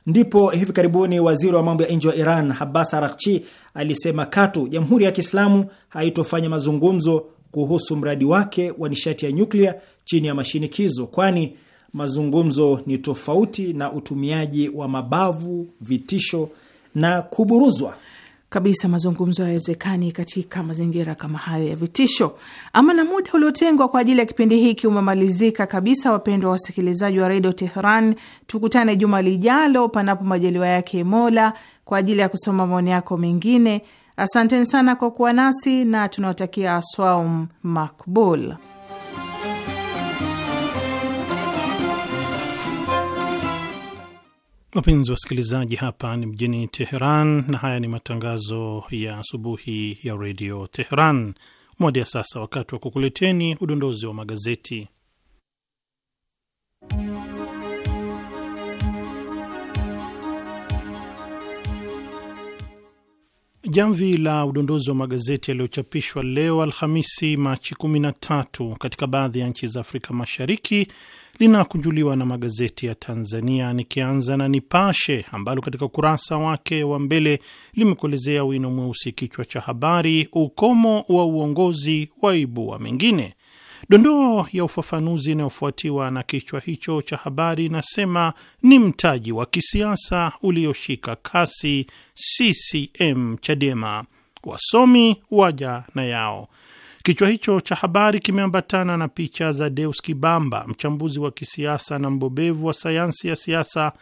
ndipo hivi karibuni waziri wa mambo ya nje wa Iran Abbas arakchi alisema katu Jamhuri ya Kiislamu haitofanya mazungumzo kuhusu mradi wake wa nishati ya nyuklia chini ya mashinikizo, kwani mazungumzo ni tofauti na utumiaji wa mabavu, vitisho na kuburuzwa kabisa. Mazungumzo hayawezekani katika mazingira kama hayo ya vitisho. Ama na muda uliotengwa kwa ajili ya kipindi hiki umemalizika kabisa. Wapendwa wasikilizaji wa redio Teheran, tukutane juma lijalo, panapo majaliwa yake Mola, kwa ajili ya kusoma maoni yako mengine. Asanteni sana kwa kuwa nasi na tunawatakia swaum makbul. Wapenzi wasikilizaji, hapa ni mjini Teheran na haya ni matangazo ya asubuhi ya redio Teheran. Moja ya sasa, wakati wa kukuleteni udondozi wa magazeti. Jamvi la udondozi wa magazeti yaliyochapishwa leo Alhamisi, Machi 13 katika baadhi ya nchi za Afrika Mashariki linakunjuliwa na magazeti ya Tanzania, nikianza na Nipashe ambalo katika ukurasa wake wa mbele limekuelezea wino mweusi, kichwa cha habari ukomo wa uongozi ibua mengine. Dondoo ya ufafanuzi inayofuatiwa na kichwa hicho cha habari inasema ni mtaji wa kisiasa ulioshika kasi CCM, Chadema, wasomi waja na yao Kichwa hicho cha habari kimeambatana na picha za Deus Kibamba, mchambuzi wa kisiasa na mbobevu wa sayansi ya siasa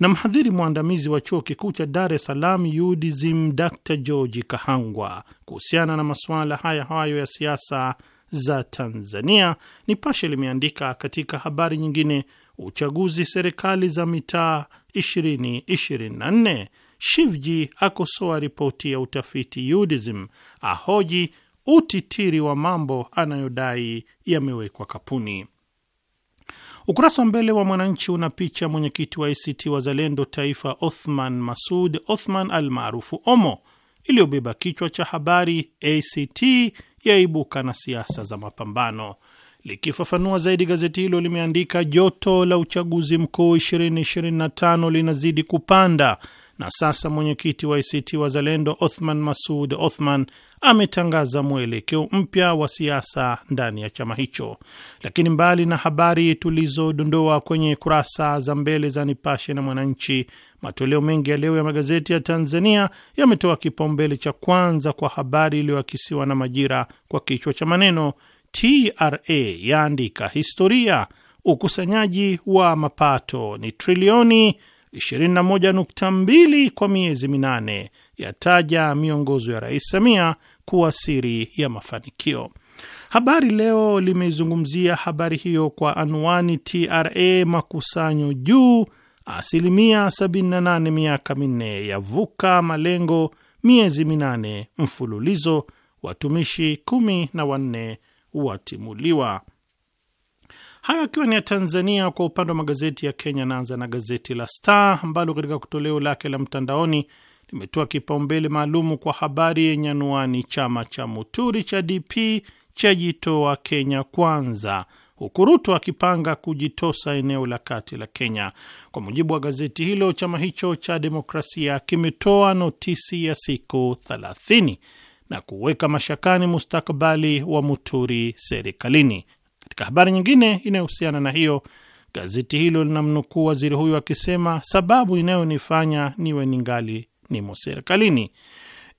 na mhadhiri mwandamizi wa chuo kikuu cha Dar es Salaam UDSM, Dr George Kahangwa, kuhusiana na masuala haya hayo ya siasa za Tanzania. Nipashe limeandika katika habari nyingine, uchaguzi serikali za mitaa 2024 Shivji akosoa ripoti ya utafiti UDSM, ahoji utitiri wa mambo anayodai yamewekwa kapuni. Ukurasa wa mbele wa Mwananchi una picha mwenyekiti wa ACT Wazalendo Taifa, Othman Masud Othman almaarufu Omo, iliyobeba kichwa cha habari ACT yaibuka na siasa za mapambano. Likifafanua zaidi, gazeti hilo limeandika joto la uchaguzi mkuu 2025 linazidi kupanda na sasa mwenyekiti wa ACT Wazalendo Othman Masud Othman ametangaza mwelekeo mpya wa siasa ndani ya chama hicho. Lakini mbali na habari tulizodondoa kwenye kurasa za mbele za Nipashe na Mwananchi, matoleo mengi ya leo ya magazeti ya Tanzania yametoa kipaumbele cha kwanza kwa habari iliyoakisiwa na Majira kwa kichwa cha maneno TRA yaandika historia, ukusanyaji wa mapato ni trilioni 21.2 kwa miezi minane yataja miongozo ya Rais Samia kuwa siri ya mafanikio. Habari Leo limezungumzia habari hiyo kwa anwani TRA makusanyo juu asilimia 78, miaka minne yavuka malengo, miezi minane mfululizo, watumishi kumi na wanne watimuliwa. Hayo akiwa ni ya Tanzania. Kwa upande wa magazeti ya Kenya, naanza na gazeti la Star ambalo katika toleo lake la mtandaoni limetoa kipaumbele maalumu kwa habari yenye anuani chama cha Muturi cha DP chajitoa Kenya Kwanza, huku Ruto akipanga kujitosa eneo la kati la Kenya. Kwa mujibu wa gazeti hilo, chama hicho cha demokrasia kimetoa notisi ya siku 30 na kuweka mashakani mustakabali wa Muturi serikalini. Katika habari nyingine inayohusiana na hiyo, gazeti hilo linamnukuu waziri huyo akisema, sababu inayonifanya niwe ningali nimo serikalini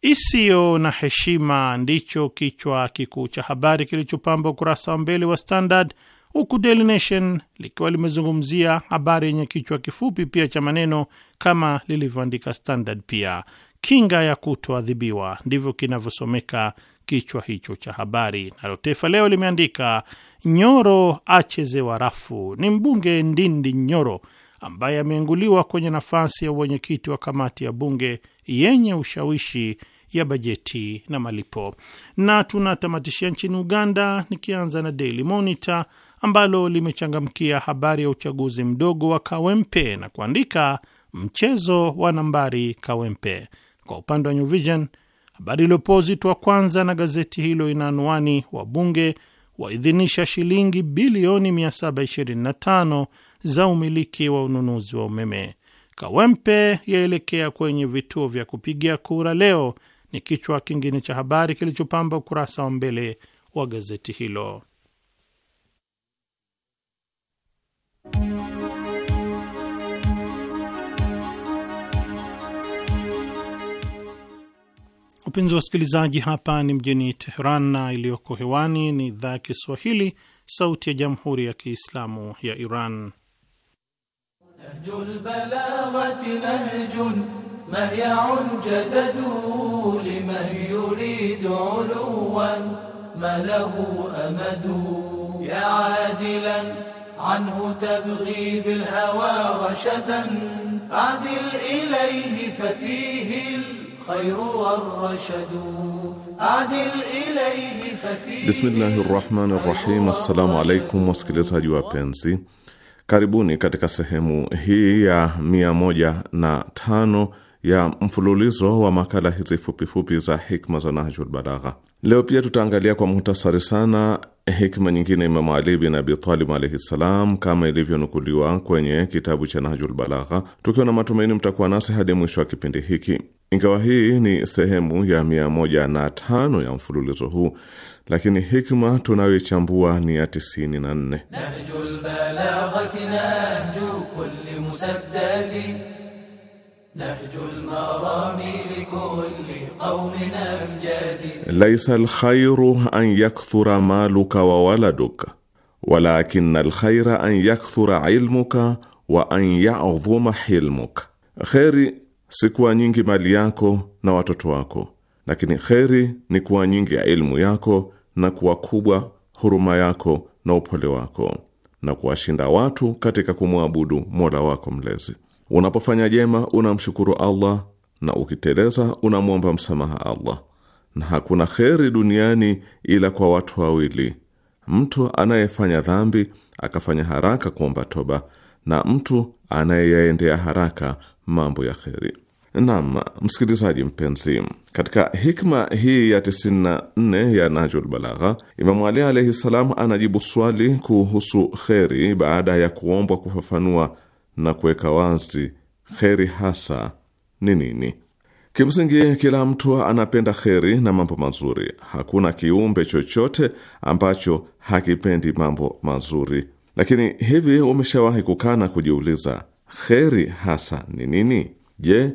isiyo na heshima, ndicho kichwa kikuu cha habari kilichopamba ukurasa wa mbele wa Standard, huku Daily Nation likiwa limezungumzia habari yenye kichwa kifupi pia cha maneno kama lilivyoandika Standard pia kinga ya kutoadhibiwa, ndivyo kinavyosomeka kichwa hicho cha habari. Nalo Taifa Leo limeandika Nyoro achezewa rafu. Ni mbunge Ndindi Nyoro ambaye ameenguliwa kwenye nafasi ya uwenyekiti wa kamati ya bunge yenye ushawishi ya bajeti na malipo. Na tunatamatishia nchini Uganda, nikianza na Daily Monitor ambalo limechangamkia habari ya uchaguzi mdogo wa Kawempe na kuandika mchezo wa nambari Kawempe. Kwa upande wa New Vision, habari iliyopoa uzito wa kwanza na gazeti hilo ina anwani wabunge waidhinisha shilingi bilioni 725 za umiliki wa ununuzi wa umeme. Kawempe yaelekea kwenye vituo vya kupigia kura leo, ni kichwa kingine cha habari kilichopamba ukurasa wa mbele wa gazeti hilo. Wapenzi wa wasikilizaji, hapa ni mjini Teheran na iliyoko hewani ni idhaa ya Kiswahili, Sauti ya Jamhuri ya Kiislamu ya Iran. خير Bismillahi rahmani rahim. Assalamu alaikum wasikilizaji wapenzi, karibuni katika sehemu hii ya mia moja na tano ya mfululizo wa makala hizi fupifupi za hikma za Nahjul Balagha. Leo pia tutaangalia kwa muhtasari sana hikma nyingine Imamu Ali bin Abi Talib alaihi ssalam, kama ilivyonukuliwa kwenye kitabu cha Nahjul Balagha, tukiwa na matumaini mtakuwa nasi hadi mwisho wa kipindi hiki. Ingawa hii ni sehemu ya mia moja na tano ya mfululizo huu, lakini hikma tunayoichambua ni ya tisini na nne. Laisa alkhairu an yakthura maluka wa waladuka walakin alkhaira an yakthura ilmuka wa an yadhuma hilmuka, kheri si kuwa nyingi mali yako na watoto wako, lakini kheri ni kuwa nyingi ya elimu yako na kuwa kubwa huruma yako na upole wako, na kuwashinda watu katika kumwabudu Mola wako Mlezi. Unapofanya jema unamshukuru Allah, na ukiteleza unamwomba msamaha Allah. Na hakuna kheri duniani ila kwa watu wawili, mtu anayefanya dhambi akafanya haraka kuomba toba, na mtu anayeyaendea haraka mambo ya kheri. Naam, msikilizaji mpenzi, katika hikma hii ya 94 ya Najul Balagha, Imamu Ali alaihi ssalam anajibu swali kuhusu kheri baada ya kuombwa kufafanua na kuweka wazi kheri hasa ni nini. Kimsingi, kila mtu anapenda kheri na mambo mazuri. Hakuna kiumbe chochote ambacho hakipendi mambo mazuri. Lakini hivi, umeshawahi kukaa na kujiuliza kheri hasa ni nini? Je,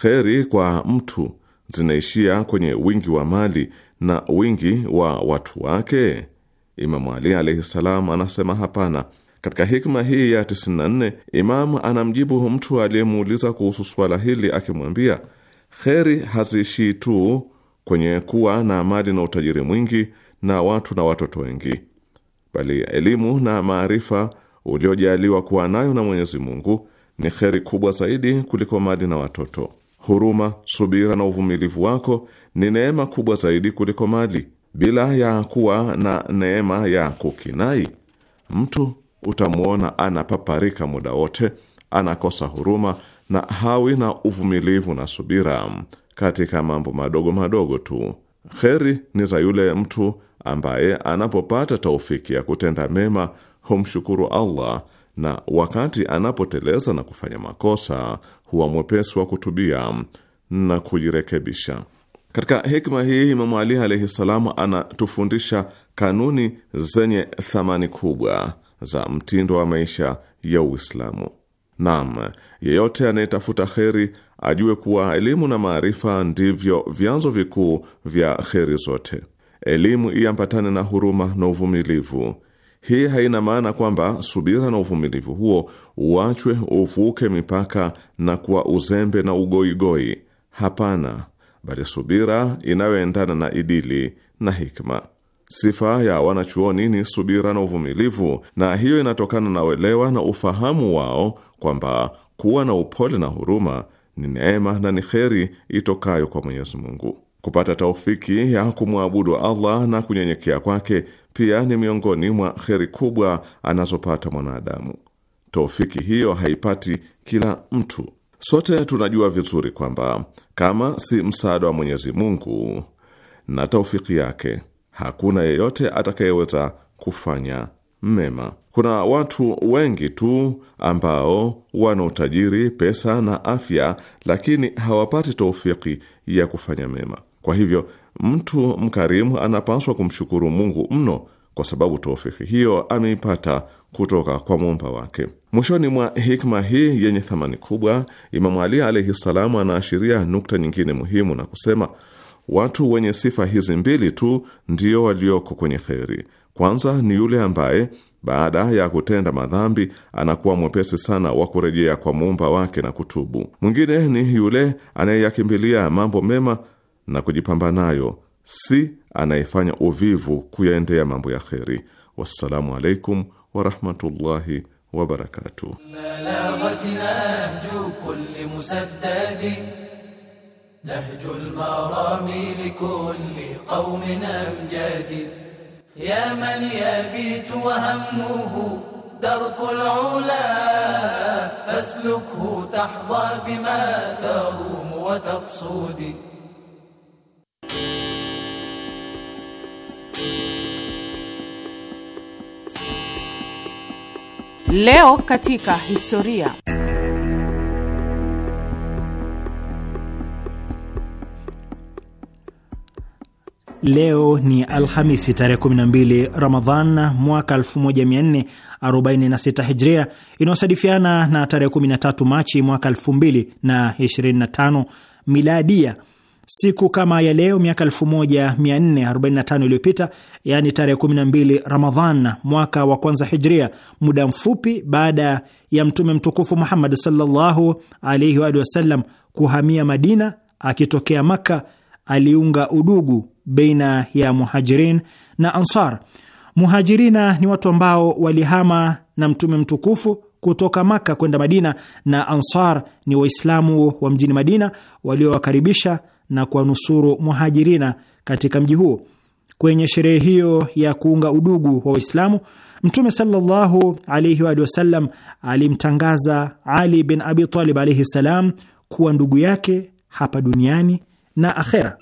kheri kwa mtu zinaishia kwenye wingi wa mali na wingi wa watu wake? Imamu Ali alaihi salam anasema hapana. Katika hikma hii ya 94 Imamu anamjibu mtu aliyemuuliza kuhusu suala hili akimwambia, kheri haziishii tu kwenye kuwa na mali na utajiri mwingi na watu na watoto wengi, bali elimu na maarifa uliojaliwa kuwa nayo na Mwenyezi Mungu ni kheri kubwa zaidi kuliko mali na watoto. Huruma, subira na uvumilivu wako ni neema kubwa zaidi kuliko mali. Bila ya kuwa na neema ya kukinai, mtu utamwona anapaparika muda wote, anakosa huruma na hawi na uvumilivu na subira katika mambo madogo madogo tu. Kheri ni za yule mtu ambaye anapopata taufiki ya kutenda mema humshukuru Allah na wakati anapoteleza na kufanya makosa huwa mwepesi wa kutubia na kujirekebisha. Katika hikma hii Imamu Ali alaihi salamu anatufundisha kanuni zenye thamani kubwa za mtindo wa maisha ya Uislamu. Naam, yeyote anayetafuta kheri ajue kuwa elimu na maarifa ndivyo vyanzo vikuu vya kheri zote. Elimu iambatane na huruma na uvumilivu hii haina maana kwamba subira na uvumilivu huo uachwe uvuke mipaka na kuwa uzembe na ugoigoi. Hapana, bali subira inayoendana na idili na hikma. Sifa ya wanachuoni ni subira na uvumilivu, na hiyo inatokana na uelewa na ufahamu wao kwamba kuwa na upole na huruma ni neema na ni kheri itokayo kwa Mwenyezi Mungu. Kupata taufiki ya kumwabudu Allah na kunyenyekea kwake pia ni miongoni mwa kheri kubwa anazopata mwanadamu. Taufiki hiyo haipati kila mtu. Sote tunajua vizuri kwamba kama si msaada wa Mwenyezi Mungu na taufiki yake, hakuna yeyote atakayeweza kufanya mema. Kuna watu wengi tu ambao wana utajiri, pesa na afya, lakini hawapati taufiki ya kufanya mema. Kwa hivyo mtu mkarimu anapaswa kumshukuru Mungu mno kwa sababu taufiki hiyo ameipata kutoka kwa muumba wake. Mwishoni mwa hikma hii yenye thamani kubwa, Imamu Ali alaihi ssalamu anaashiria nukta nyingine muhimu na kusema, watu wenye sifa hizi mbili tu ndio walioko kwenye kheri. Kwanza ni yule ambaye baada ya kutenda madhambi anakuwa mwepesi sana wa kurejea kwa muumba wake na kutubu. Mwingine ni yule anayeyakimbilia mambo mema na kujipamba nayo, si anayefanya uvivu kuyaendea mambo ya kheri. Wassalamu alaikum warahmatullahi wabarakatuh. نهج المرام لكل قوم أمجاد يا من يبيت وهمه درك العلا فاسلكه تحظى بما تروم وتقصد Leo katika historia. Leo ni Alhamisi tarehe 12 Ramadhan mwaka 1446 Hijria, inayosadifiana na tarehe 13 Machi mwaka 2025 Miladia. Siku kama ya leo miaka 1445 iliyopita, yaani tarehe 12 Ramadhan mwaka wa kwanza Hijria, muda mfupi baada ya Mtume mtukufu Muhammad sallallahu alaihi wa sallam kuhamia Madina akitokea Makka, aliunga udugu baina ya Muhajirin na Ansar. Muhajirina ni watu ambao walihama na Mtume mtukufu kutoka Maka kwenda Madina, na Ansar ni Waislamu wa mjini Madina waliowakaribisha na kuwanusuru muhajirina katika mji huo. Kwenye sherehe hiyo ya kuunga udugu wa Waislamu, Mtume sallallahu alaihi wa sallam alimtangaza Ali bin Abi Talib alaihi salam kuwa ndugu yake hapa duniani na akhera.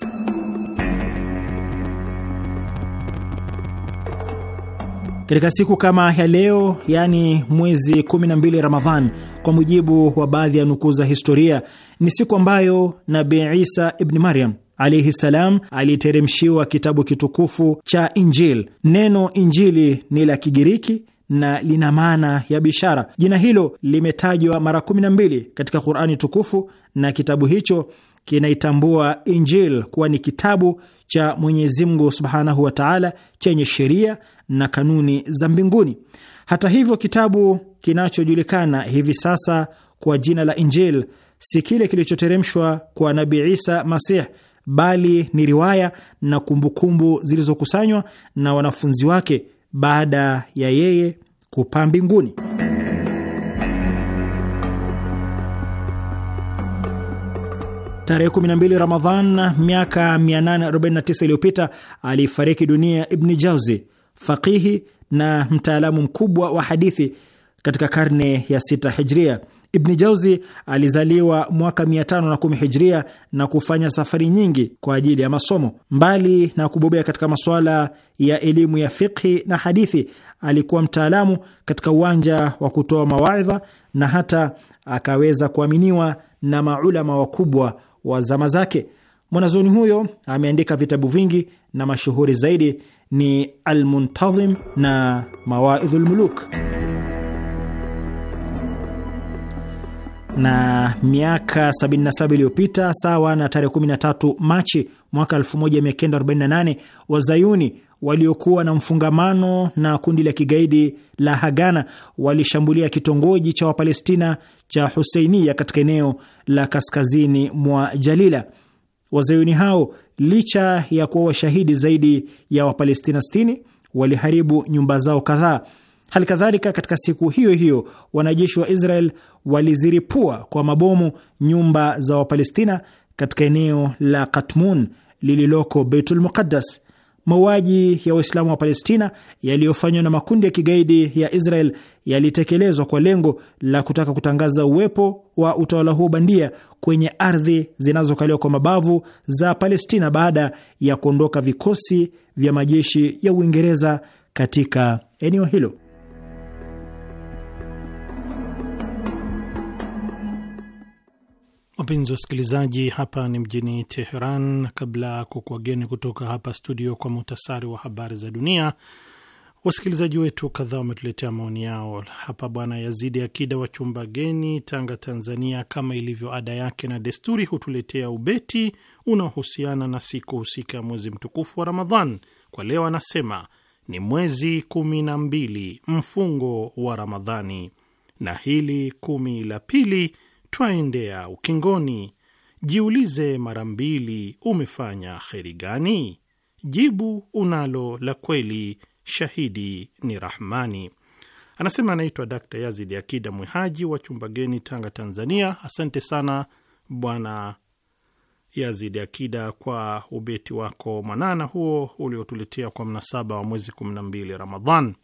Katika siku kama ya leo, yaani mwezi 12 Ramadhan, kwa mujibu wa baadhi ya nukuu za historia, ni siku ambayo Nabi Isa ibni Maryam alaihi salam aliteremshiwa kitabu kitukufu cha injil Neno Injili ni la Kigiriki na lina maana ya bishara. Jina hilo limetajwa mara 12 katika Qurani tukufu na kitabu hicho kinaitambua Injil kuwa ni kitabu cha Mwenyezi Mungu subhanahu wa taala chenye sheria na kanuni za mbinguni. Hata hivyo, kitabu kinachojulikana hivi sasa kwa jina la Injil si kile kilichoteremshwa kwa nabi Isa Masih, bali ni riwaya na kumbukumbu zilizokusanywa na wanafunzi wake baada ya yeye kupaa mbinguni. Tarehe 12 Ramadhan miaka 849 iliyopita alifariki dunia Ibni Jauzi, faqihi na mtaalamu mkubwa wa hadithi katika karne ya sita hijria. Ibni Jauzi alizaliwa mwaka 510 hijria na kufanya safari nyingi kwa ajili ya masomo. Mbali na kubobea katika masuala ya elimu ya fiqhi na hadithi, alikuwa mtaalamu katika uwanja wa kutoa mawaidha na hata akaweza kuaminiwa na maulama wakubwa wa zama zake. mwanazoni huyo ameandika vitabu vingi na mashuhuri zaidi ni Almuntadhim na Mawaidhu Lmuluk. Na miaka 77 iliyopita, sawa na tarehe 13 Machi mwaka 1948, wazayuni waliokuwa na mfungamano na kundi la kigaidi la Hagana walishambulia kitongoji cha Wapalestina cha Huseinia katika eneo la kaskazini mwa Jalila. Wazayuni hao licha ya kuwa washahidi zaidi ya Wapalestina 60 waliharibu nyumba zao kadhaa. Hali kadhalika, katika siku hiyo hiyo wanajeshi wa Israel waliziripua kwa mabomu nyumba za Wapalestina katika eneo la Katmun lililoko Beitul Muqaddas. Mauaji ya Waislamu wa Palestina yaliyofanywa na makundi ya kigaidi ya Israel yalitekelezwa kwa lengo la kutaka kutangaza uwepo wa utawala huo bandia kwenye ardhi zinazokaliwa kwa mabavu za Palestina baada ya kuondoka vikosi vya majeshi ya Uingereza katika eneo hilo. Wapenzi wasikilizaji, hapa ni mjini Teheran. Kabla ya kukuageni kutoka hapa studio kwa muhtasari wa habari za dunia, wasikilizaji wetu kadhaa wametuletea maoni yao hapa. Bwana Yazidi Akida wa chumba geni, Tanga, Tanzania, kama ilivyo ada yake na desturi, hutuletea ubeti unaohusiana na siku husika ya mwezi mtukufu wa Ramadhan. Kwa leo anasema ni mwezi kumi na mbili mfungo wa Ramadhani na hili kumi la pili twaendea ukingoni, jiulize mara mbili, umefanya kheri gani? Jibu unalo la kweli, shahidi ni Rahmani. Anasema anaitwa Dakta Yazidi Akida Mwehaji wa chumba geni Tanga, Tanzania. Asante sana Bwana Yazidi Akida kwa ubeti wako mwanana huo uliotuletea kwa mnasaba wa mwezi 12 Ramadhan.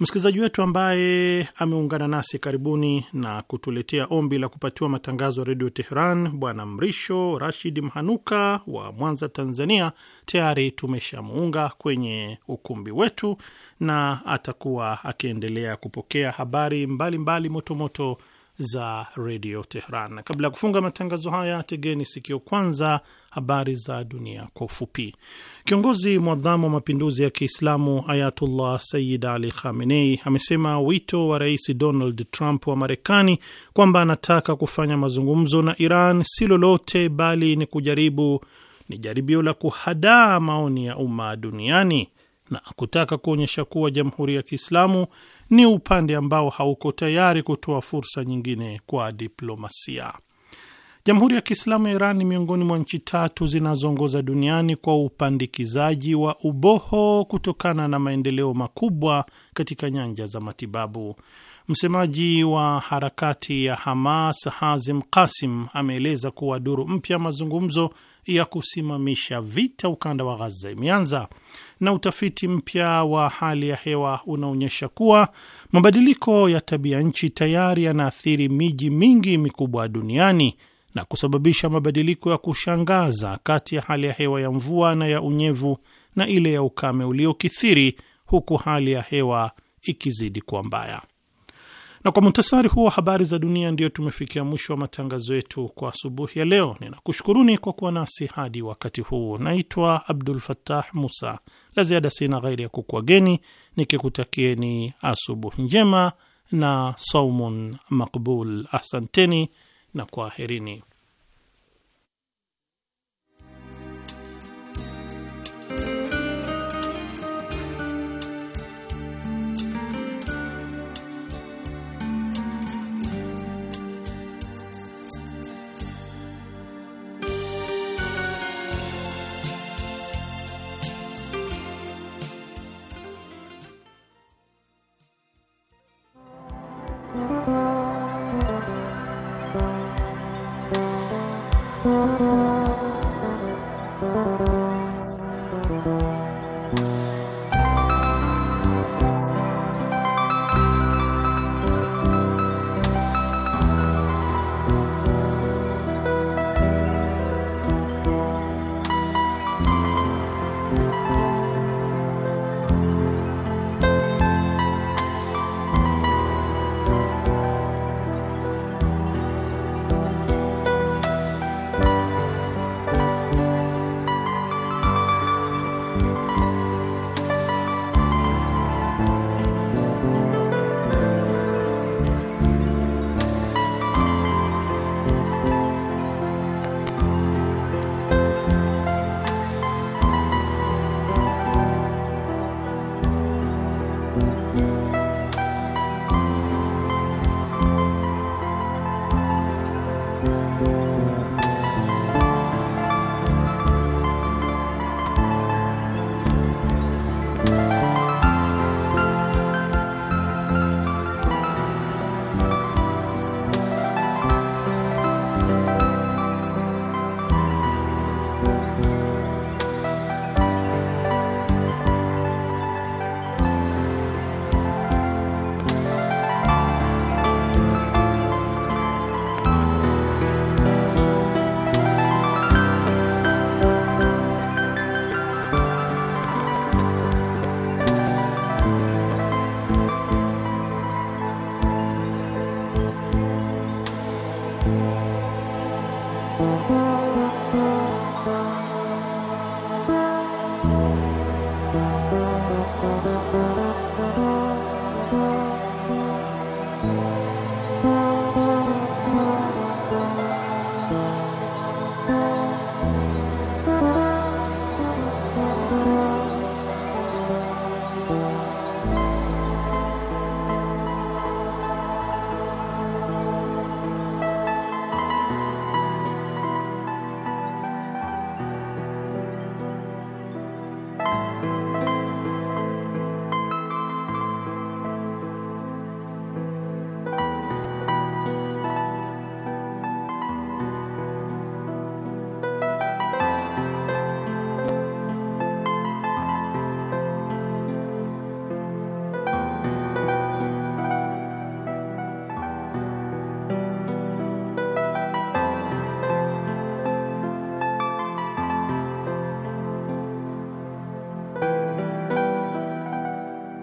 Msikilizaji wetu ambaye ameungana nasi karibuni na kutuletea ombi la kupatiwa matangazo ya redio Teheran, bwana Mrisho Rashid Mhanuka wa Mwanza, Tanzania, tayari tumeshamuunga kwenye ukumbi wetu na atakuwa akiendelea kupokea habari mbalimbali motomoto za redio Teheran. Kabla ya kufunga matangazo haya, tegeni sikio kwanza habari za dunia kwa ufupi. Kiongozi mwadhamu wa mapinduzi ya Kiislamu Ayatullah Sayyid Ali Khamenei amesema wito wa Rais Donald Trump wa Marekani kwamba anataka kufanya mazungumzo na Iran si lolote bali ni kujaribu ni jaribio la kuhadaa maoni ya umma duniani na kutaka kuonyesha kuwa Jamhuri ya Kiislamu ni upande ambao hauko tayari kutoa fursa nyingine kwa diplomasia. Jamhuri ya Kiislamu ya Iran ni miongoni mwa nchi tatu zinazoongoza duniani kwa upandikizaji wa uboho kutokana na maendeleo makubwa katika nyanja za matibabu. Msemaji wa harakati ya Hamas Hazim Kasim ameeleza kuwa duru mpya mazungumzo ya kusimamisha vita ukanda wa Ghaza imeanza na utafiti mpya wa hali ya hewa unaonyesha kuwa mabadiliko ya tabia nchi tayari yanaathiri miji mingi mikubwa duniani na kusababisha mabadiliko ya kushangaza kati ya hali ya hewa ya mvua na ya unyevu na ile ya ukame uliokithiri, huku hali ya hewa ikizidi kuwa mbaya. Na kwa muhtasari huo habari za dunia, ndiyo tumefikia mwisho wa matangazo yetu kwa asubuhi ya leo. Ninakushukuruni kwa kuwa nasi hadi wakati huu. Naitwa Abdul Fattah Musa. La ziada sina ghairi ya kukuageni nikikutakieni asubuhi njema na saumun makbul. Asanteni na kwaherini.